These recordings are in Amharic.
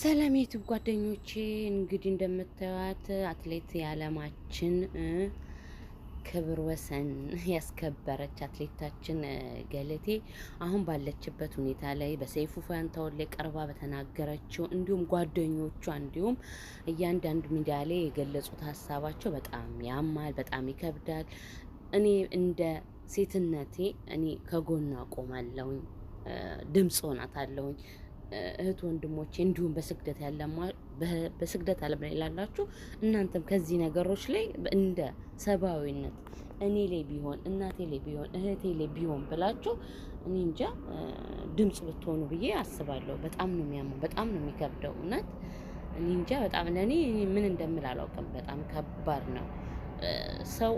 ሰላም ዩቱብ ጓደኞቼ እንግዲህ እንደምታዩት አትሌት የዓለማችን ክብር ወሰን ያስከበረች አትሌታችን ገለቴ አሁን ባለችበት ሁኔታ ላይ በሰይፉ ፋንታሁን ላይ ቀርባ በተናገረችው እንዲሁም ጓደኞቿ እንዲሁም እያንዳንዱ ሚዲያ ላይ የገለጹት ሀሳባቸው በጣም ያማል፣ በጣም ይከብዳል። እኔ እንደ ሴትነቴ እኔ ከጎኗ ቆማለሁኝ፣ ድምፅ ሆናታለሁኝ እህት ወንድሞቼ፣ እንዲሁም በስግደት ያለማ በስግደት ዓለም ላይ ላላችሁ እናንተም ከዚህ ነገሮች ላይ እንደ ሰብአዊነት እኔ ላይ ቢሆን እናቴ ላይ ቢሆን እህቴ ላይ ቢሆን ብላችሁ እኔ እንጃ ድምፅ ብትሆኑ ብዬ አስባለሁ። በጣም ነው የሚያመው፣ በጣም ነው የሚከብደው። እውነት እኔ እንጃ በጣም ለእኔ ምን እንደምል አላውቅም። በጣም ከባድ ነው። ሰው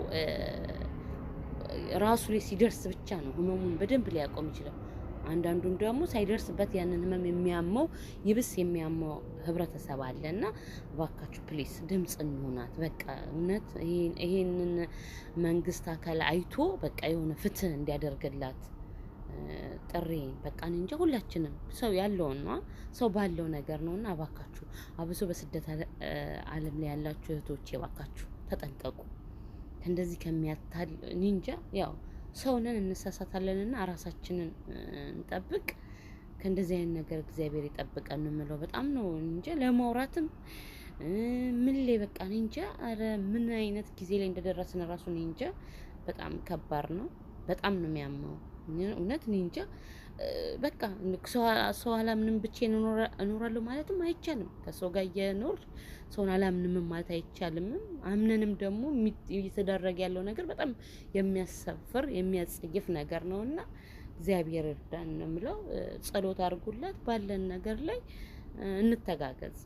ራሱ ላይ ሲደርስ ብቻ ነው ህመሙን በደንብ ሊያቆም ይችላል። አንዳንዱም ደግሞ ሳይደርስበት ያንን ህመም የሚያመው ይብስ የሚያመው ህብረተሰብ አለ እና እባካችሁ ፕሊስ ድምፅ እንሆናት። በቃ እውነት ይሄንን መንግስት አካል አይቶ በቃ የሆነ ፍትህ እንዲያደርግላት ጥሪ በቃ እንጂ ሁላችንም ሰው ያለውን ነው ሰው ባለው ነገር ነው እና እባካችሁ አብሶ በስደት አለም ላይ ያላችሁ እህቶቼ እባካችሁ ተጠንቀቁ። ከእንደዚህ ከሚያታል እንጃ ያው ሰውንን እንሳሳታለንና ራሳችንን እንጠብቅ። ከእንደዚህ አይነት ነገር እግዚአብሔር ይጠብቀን የምለው በጣም ነው እንጂ ለማውራትም ምን ላይ በቃ እኔ እንጃ። ኧረ ምን አይነት ጊዜ ላይ እንደደረስን ራሱ እኔ እንጃ። በጣም ከባድ ነው። በጣም ነው የሚያመው እውነት እኔ እንጃ። በቃ ሰው አላምንም ብቻዬን እኖራለሁ ማለትም አይቻልም። ከሰው ጋር እየኖር ሰውን አላምንም ማለት አይቻልምም። አምነንም ደግሞ እየተደረገ ያለው ነገር በጣም የሚያሰፍር የሚያጸይፍ ነገር ነው እና እግዚአብሔር እርዳን ነው የምለው። ጸሎት አድርጉላት። ባለን ነገር ላይ እንተጋገዝ።